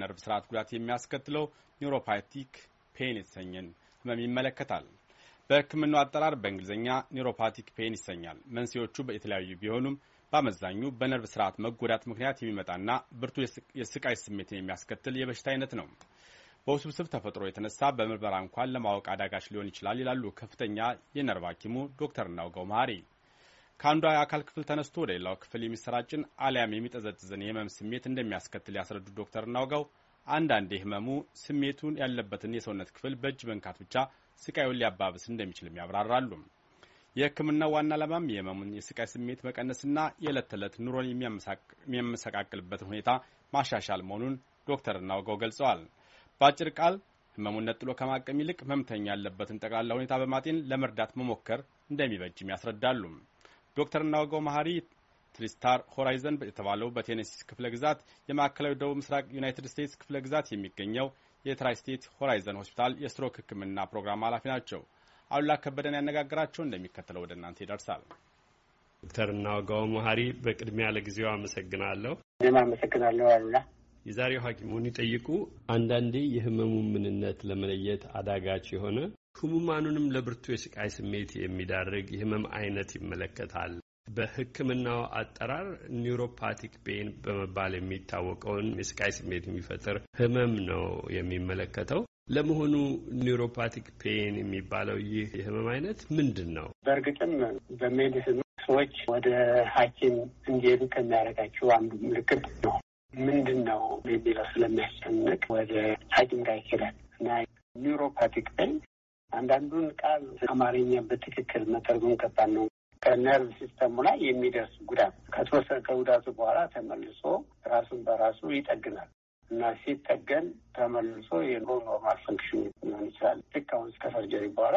የነርቭ ስርዓት ጉዳት የሚያስከትለው ኒውሮፓቲክ ፔን የተሰኘን ህመም ይመለከታል። በህክምናው አጠራር በእንግሊዝኛ ኒውሮፓቲክ ፔን ይሰኛል። መንስኤዎቹ የተለያዩ ቢሆኑም በአመዛኙ በነርቭ ስርዓት መጎዳት ምክንያት የሚመጣና ብርቱ የስቃይ ስሜትን የሚያስከትል የበሽታ አይነት ነው። በውስብስብ ተፈጥሮ የተነሳ በምርመራ እንኳን ለማወቅ አዳጋች ሊሆን ይችላል ይላሉ ከፍተኛ የነርቭ ሐኪሙ ዶክተር እናውጋው መሀሪ ከአንዷ የአካል ክፍል ተነስቶ ወደ ሌላው ክፍል የሚሰራጭን አሊያም የሚጠዘጥዝን የህመም ስሜት እንደሚያስከትል ያስረዱት ዶክተር እናውጋው አንዳንዴ ህመሙ ስሜቱን ያለበትን የሰውነት ክፍል በእጅ መንካት ብቻ ስቃዩን ሊያባብስ እንደሚችልም ያብራራሉ። የህክምናው ዋና ዓላማም የህመሙን የስቃይ ስሜት መቀነስና የዕለት ተዕለት ኑሮን የሚያመሰቃቅልበትን ሁኔታ ማሻሻል መሆኑን ዶክተር እናውጋው ገልጸዋል። በአጭር ቃል ህመሙን ነጥሎ ከማቀም ይልቅ ህመምተኛ ያለበትን ጠቅላላ ሁኔታ በማጤን ለመርዳት መሞከር እንደሚበጅም ያስረዳሉ። ዶክተር ናውጋው መሀሪ ትሪስታር ሆራይዘን የተባለው በቴኔሲስ ክፍለ ግዛት የማዕከላዊ ደቡብ ምስራቅ ዩናይትድ ስቴትስ ክፍለ ግዛት የሚገኘው የትራይ ስቴት ሆራይዘን ሆስፒታል የስትሮክ ሕክምና ፕሮግራም ኃላፊ ናቸው። አሉላ ከበደን ያነጋግራቸው እንደሚከተለው ወደ እናንተ ይደርሳል። ዶክተር እናውጋው መሀሪ በቅድሚያ ለጊዜው አመሰግናለሁ። እኔም አመሰግናለሁ አሉላ። የዛሬው ሐኪሙን ይጠይቁ አንዳንዴ የህመሙ ምንነት ለመለየት አዳጋች የሆነ ህሙማኑንም ለብርቱ የስቃይ ስሜት የሚዳርግ የህመም አይነት ይመለከታል። በህክምናው አጠራር ኒውሮፓቲክ ፔን በመባል የሚታወቀውን የስቃይ ስሜት የሚፈጥር ህመም ነው የሚመለከተው። ለመሆኑ ኒውሮፓቲክ ፔን የሚባለው ይህ የህመም አይነት ምንድን ነው? በእርግጥም በሜዲስን ሰዎች ወደ ሐኪም እንዲሄዱ ከሚያደርጋቸው አንዱ ምልክት ነው። ምንድን ነው የሚለው ስለሚያስጨንቅ ወደ ሐኪም ጋር ይሄዳል እና ኒውሮፓቲክ ፔን አንዳንዱን ቃል አማርኛ በትክክል መተርጎም ከባድ ነው። ከነርቭ ሲስተሙ ላይ የሚደርስ ጉዳት ከተወሰነ ከጉዳቱ በኋላ ተመልሶ ራሱን በራሱ ይጠግናል እና ሲጠገን ተመልሶ የኖርማል ፈንክሽን ሊሆን ይችላል። ልክ አሁን እስከ ሰርጀሪ በኋላ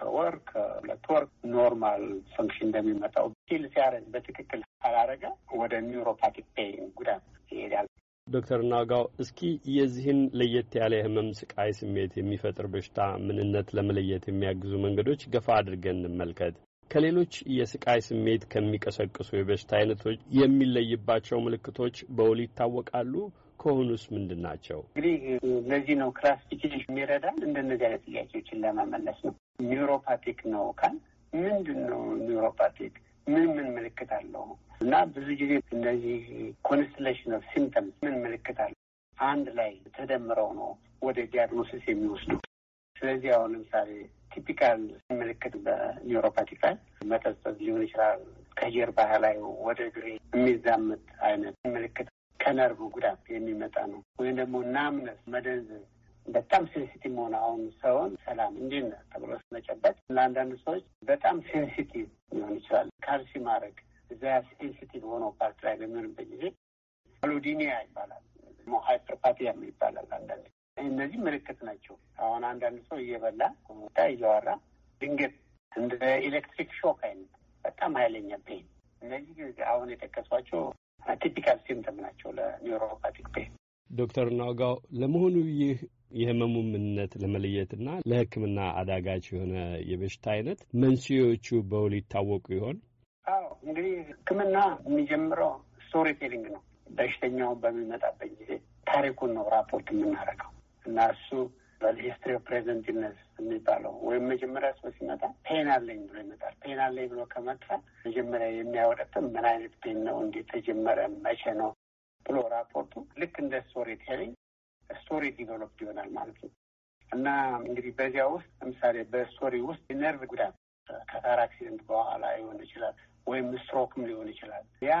ከወር ከሁለት ወር ኖርማል ፈንክሽን እንደሚመጣው ፊል ሲያደርግ በትክክል አላረገ ወደ ኒውሮፓቲክ ፔን ጉዳት ይሄዳል። ዶክተር ናጋው እስኪ የዚህን ለየት ያለ የህመም ስቃይ ስሜት የሚፈጥር በሽታ ምንነት ለመለየት የሚያግዙ መንገዶች ገፋ አድርገን እንመልከት። ከሌሎች የስቃይ ስሜት ከሚቀሰቅሱ የበሽታ አይነቶች የሚለይባቸው ምልክቶች በውል ይታወቃሉ? ከሆኑስ ምንድን ናቸው? እንግዲህ ለዚህ ነው ክላሲፊኬሽን የሚረዳን እንደነዚህ አይነት ጥያቄዎችን ለመመለስ ነው። ኒውሮፓቲክ ነው ካል ምንድን ነው ኒውሮፓቲክ? ምን ምን ምልክት አለው? እና ብዙ ጊዜ እነዚህ ኮንስትሌሽን ኦፍ ሲምፕተምስ ምን ምልክት አለ አንድ ላይ ተደምረው ነው ወደ ዲያግኖሲስ የሚወስዱ። ስለዚህ አሁን ለምሳሌ ቲፒካል ምልክት በኒውሮፓቲክ መጠጠዝ ሊሆን ይችላል። ከጀርባ ላይ ወደ ግሬ የሚዛመት አይነት ምልክት ከነርቭ ጉዳት የሚመጣ ነው። ወይም ደግሞ ናምነት፣ መደንዘዝ በጣም ሴንሲቲቭ መሆን አሁን ሰውን ሰላም እንዴት ተብሎ መጨበጥ ለአንዳንድ ሰዎች በጣም ሴንሲቲቭ ሊሆን ይችላል። ካልሲ ማድረግ እዛ ሴንሲቲቭ ሆኖ ላይ በሚሆንበት ጊዜ ፓሎዲኒያ ይባላል። ሃይፐርፓቲያ ይባላል። አንዳንድ እነዚህ ምልክት ናቸው። አሁን አንዳንድ ሰው እየበላ ታ እያወራ ድንገት እንደ ኤሌክትሪክ ሾክ አይነት በጣም ኃይለኛ ፔን፣ እነዚህ አሁን የጠቀሷቸው ቲፒካል ሲምተም ናቸው ለኒውሮፓቲክ ፔን። ዶክተር ናውጋው ለመሆኑ ይህ የህመሙ ምንነት ለመለየትና ለሕክምና አዳጋች የሆነ የበሽታ አይነት መንስኤዎቹ በውል ይታወቁ ይሆን? አዎ እንግዲህ ህክምና የሚጀምረው ስቶሪ ቴሊንግ ነው። በሽተኛው በሚመጣበት ጊዜ ታሪኩን ነው ራፖርት የምናደርገው እና እሱ በሂስትሪ ኦፍ የሚባለው ወይም መጀመሪያ ሰው ሲመጣ ፔን አለኝ ብሎ ይመጣል። ፔን አለኝ ብሎ ከመጣ መጀመሪያ የሚያወረጥም ምን አይነት ፔን ነው፣ እንዴት ተጀመረ፣ መቼ ነው ብሎ ራፖርቱ ልክ እንደ ስቶሪ ቴሊንግ ስቶሪ ዲቨሎፕ ይሆናል ማለት ነው። እና እንግዲህ በዚያ ውስጥ ለምሳሌ በስቶሪ ውስጥ የነርቭ ጉዳት ከካር አክሲደንት በኋላ ይሆን ይችላል ወይም ስትሮክም ሊሆን ይችላል። ያ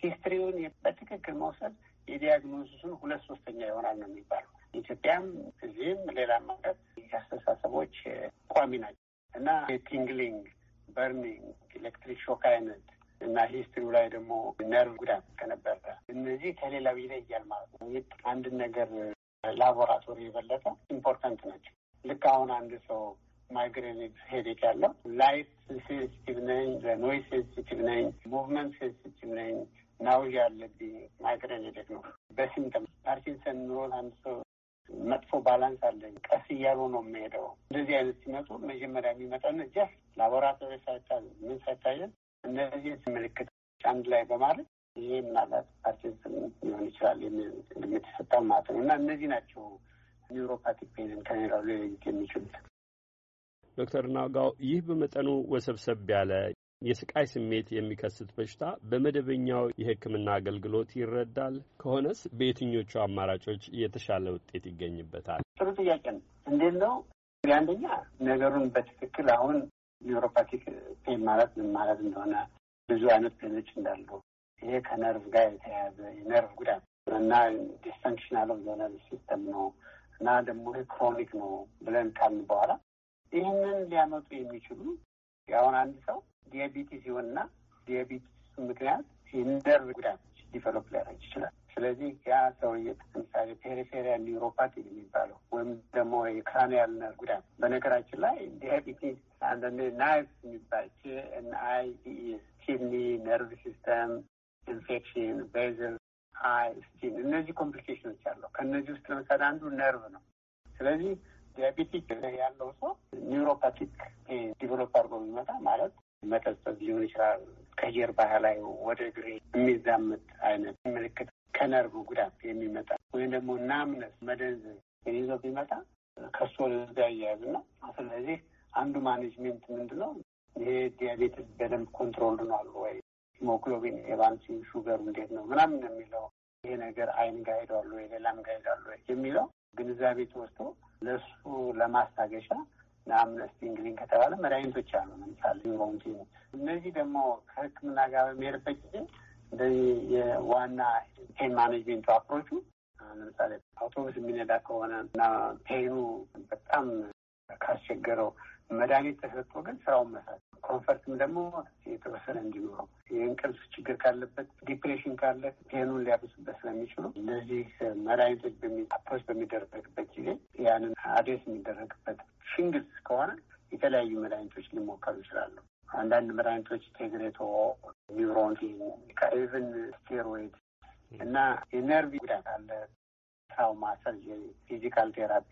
ሂስትሪውን በትክክል መውሰድ የዲያግኖሲሱን ሁለት ሶስተኛ ይሆናል ነው የሚባለው። ኢትዮጵያም እዚህም ሌላ ማለት የአስተሳሰቦች ቋሚ ናቸው እና ቲንግሊንግ፣ በርኒንግ፣ ኤሌክትሪክ ሾክ አይነት እና ሂስትሪው ላይ ደግሞ ነርቭ ጉዳት ከነበረ እነዚህ ከሌላው ይለያል ማለት ነው። አንድን ነገር ላቦራቶሪ የበለጠ ኢምፖርታንት ናቸው። ልክ አሁን አንድ ሰው ማይግሬን ሄዴክ ያለው ላይት ሴንስቲቭ ነኝ፣ ለኖይዝ ሴንስቲቭ ነኝ፣ ሙቭመንት ሴንስቲቭ ነኝ። ናውዝ ያለብኝ ማይግሬን ሄዴክ ነው። በሲምተም ፓርኪንሰን ኖሮን አንድ ሰው መጥፎ ባላንስ አለኝ፣ ቀስ እያሉ ነው የሚሄደው። እንደዚህ አይነት ሲመጡ መጀመሪያ የሚመጣን ጀፍ ላቦራቶሪ ሳይታ ምን ሳይታየን እነዚህ ምልክት አንድ ላይ በማለት ይሄ ምናልባት ፓርኪንሰን ሊሆን ይችላል የሚል ይሰጣል ማለት ነው እና እነዚህ ናቸው ኒውሮፓቲክ ፔንን ከሌላው ከኔራሉ የሚችሉት ዶክተር ናጋው ይህ በመጠኑ ወሰብሰብ ያለ የስቃይ ስሜት የሚከስት በሽታ በመደበኛው የሕክምና አገልግሎት ይረዳል? ከሆነስ በየትኞቹ አማራጮች የተሻለ ውጤት ይገኝበታል? ጥሩ ጥያቄ ነው። እንዴት ነው አንደኛ ነገሩን በትክክል አሁን ኒውሮፓቲክ ፔን ማለት ምን ማለት እንደሆነ ብዙ አይነት ፔኖች እንዳሉ ይሄ ከነርቭ ጋር የተያያዘ የነርቭ ጉዳት እና ዲስፈንክሽናል የሆነ ሲስተም ነው እና ደግሞ ክሮኒክ ነው ብለን ካልን በኋላ ይህንን ሊያመጡ የሚችሉ አሁን አንድ ሰው ዲያቢቲስ ይሆንና ዲያቢቲስ ምክንያት የነርቭ ጉዳቶች ዲቨሎፕ ሊያደርግ ይችላል። ስለዚህ ያ ሰውዬ ለምሳሌ ፔሪፌሪያል ኒውሮፓቲ የሚባለው ወይም ደግሞ የክራኒያል ነርቭ ጉዳት፣ በነገራችን ላይ ዲያቢቲስ አንዳንዴ ናይፍ የሚባል ኤን ኪድኒ፣ ነርቭ ሲስተም ኢንፌክሽን፣ ቤዝል አይ፣ ስቲን እነዚህ ኮምፕሊኬሽኖች አለው። ከእነዚህ ውስጥ ለምሳሌ አንዱ ነርቭ ነው። ስለዚህ ዲያቤቲክ ያለው ሰው ኒውሮፓቲክ ዲቨሎፕ አድርጎ የሚመጣ ማለት መጠጠት ሊሆን ይችላል። ከጀርባ ላይ ወደ ግሬ የሚዛመት አይነት ምልክት ከነርቭ ጉዳት የሚመጣ ወይም ደግሞ ናምነት መደንዝ ይዞ ቢመጣ ከሱ ወደዛ እያያዝ ነው። ስለዚህ አንዱ ማኔጅሜንት ምንድን ነው? ይሄ ዲያቤትስ በደንብ ኮንትሮል ኗል ወይ ሂሞግሎቢን ኤቫንሲ ሹገሩ እንዴት ነው ምናምን የሚለው ይሄ ነገር አይን ጋር ሄዷል ወይ ሌላም ጋር ሄዷል ወይ የሚለው ግንዛቤ ተወስቶ ለእሱ ለማስታገሻ ለአምነስቲ እንግዲህ ከተባለ መድኃኒቶች አሉ። ለምሳሌ ሮንቲ እነዚህ ደግሞ ከሕክምና ጋር በሚሄድበት ጊዜ እንደዚህ የዋና ፔን ማኔጅሜንቱ አፕሮቹ ለምሳሌ አውቶቡስ የሚነዳ ከሆነ እና ፔኑ በጣም ካስቸገረው መድኃኒት ተሰጥቶ ግን ስራውን መስራት ኮንፈርትም ደግሞ የተወሰነ እንዲኖረው የእንቅልፍ ችግር ካለበት ዲፕሬሽን ካለ ፔኑን ሊያብስበት ስለሚችሉ እነዚህ መድኃኒቶች አፕሮች በሚደረግበት ጊዜ ያንን አዴስ የሚደረግበት ሽንግልስ ከሆነ የተለያዩ መድኃኒቶች ሊሞከሩ ይችላሉ። አንዳንድ መድኃኒቶች ቴግሬቶ፣ ኒውሮንቲን፣ ኢቨን ስቴሮይድ እና የነርቭ ጉዳት አለ፣ ትራውማ ሰርጀሪ፣ ፊዚካል ቴራፒ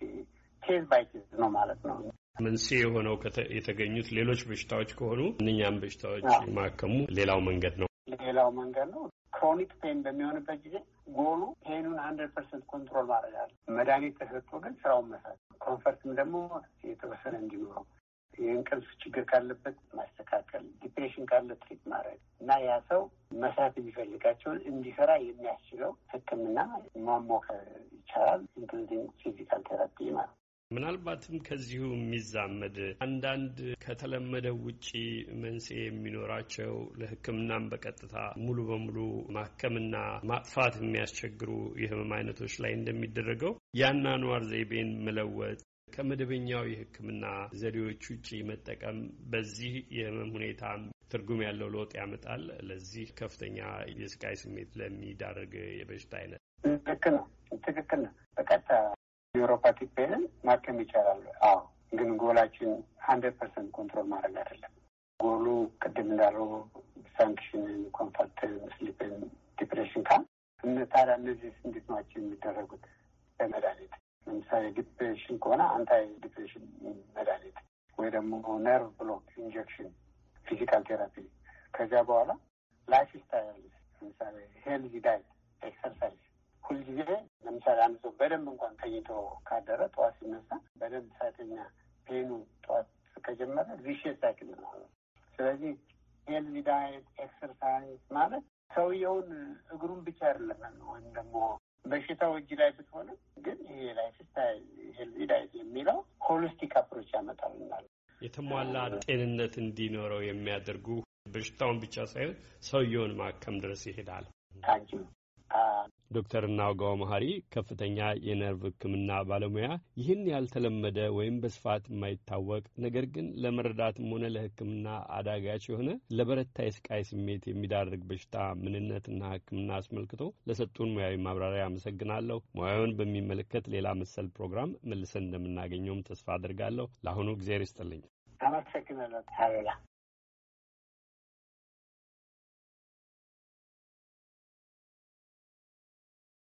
ኬዝ ባይ ኬዝ ነው ማለት ነው። መንስኤ የሆነው የተገኙት ሌሎች በሽታዎች ከሆኑ እነኛም በሽታዎች ማከሙ ሌላው መንገድ ነው። ሌላው መንገድ ነው። ክሮኒክ ፔን በሚሆንበት ጊዜ ጎሉ ፔኑን ሀንድረድ ፐርሰንት ኮንትሮል ማድረግ አለ። መድኃኒት ተሰጥቶ ግን ስራውን መስራት፣ ኮንፈርትም ደግሞ የተወሰነ እንዲኖረው፣ የእንቅልፍ ችግር ካለበት ማስተካከል፣ ዲፕሬሽን ካለ ትሪት ማድረግ እና ያ ሰው መስራት የሚፈልጋቸውን እንዲሰራ የሚያስችለው ሕክምና መሞከር ይቻላል፣ ኢንክሉዲንግ ፊዚካል ቴራፒ ማለት ነው። ምናልባትም ከዚሁ የሚዛመድ አንዳንድ ከተለመደው ውጪ መንስኤ የሚኖራቸው ለሕክምናም በቀጥታ ሙሉ በሙሉ ማከምና ማጥፋት የሚያስቸግሩ የህመም አይነቶች ላይ እንደሚደረገው የአኗኗር ዘይቤን መለወጥ ከመደበኛው የሕክምና ዘዴዎች ውጭ መጠቀም በዚህ የህመም ሁኔታ ትርጉም ያለው ለውጥ ያመጣል። ለዚህ ከፍተኛ የስቃይ ስሜት ለሚዳርግ የበሽታ አይነት ትክክል ነው። ትክክል ነው። በቀጥታ ኒውሮፓቲክ ፔንን ማከም ይቻላል። አዎ፣ ግን ጎላችን ሀንድረድ ፐርሰንት ኮንትሮል ማድረግ አይደለም። ጎሉ ቅድም እንዳለው ሳንክሽንን፣ ኮንፈርትን፣ ስሊፕን፣ ዲፕሬሽን ካል እነታዳ እነዚህ እንዴት ናቸው የሚደረጉት በመድኃኒት ለምሳሌ ዲፕሬሽን ከሆነ አንታይ ዲፕሬሽን መድኃኒት ወይ ደግሞ ነርቭ ብሎክ ኢንጀክሽን፣ ፊዚካል ቴራፒ ከዚያ በኋላ ላይፍ ስታይል ለምሳሌ ሄልዚ ዳይት፣ ኤክሰርሳይዝ ሁልጊዜ ለምሳሌ አንድ ሰው በደንብ እንኳን ተኝቶ ካደረ ጠዋት ሲነሳ በደንብ ሳተኛ ፔኑ ጠዋት ከጀመረ ቪሽስ ሳይክል ነው። ስለዚህ ሄልዚ ዳይት ኤክሰርሳይዝ ማለት ሰውየውን እግሩን ብቻ አይደለም ወይም ደግሞ በሽታው እጅ ላይ ብትሆንም ግን ይሄ ላይፍ ስታይል ሄልዚ ዳይት የሚለው ሆሊስቲክ አፕሮች ያመጣልናል። የተሟላ ጤንነት እንዲኖረው የሚያደርጉ በሽታውን ብቻ ሳይሆን ሰውየውን ማከም ድረስ ይሄዳል። ታንኪ ዶክተር እናውጋው መሀሪ ከፍተኛ የነርቭ ሕክምና ባለሙያ ይህን ያልተለመደ ወይም በስፋት የማይታወቅ ነገር ግን ለመረዳትም ሆነ ለሕክምና አዳጋች የሆነ ለበረታ የስቃይ ስሜት የሚዳርግ በሽታ ምንነትና ሕክምና አስመልክቶ ለሰጡን ሙያዊ ማብራሪያ አመሰግናለሁ። ሙያውን በሚመለከት ሌላ መሰል ፕሮግራም መልሰን እንደምናገኘውም ተስፋ አድርጋለሁ። ለአሁኑ እግዜር ይስጥልኝ። አመሰግናለሁ።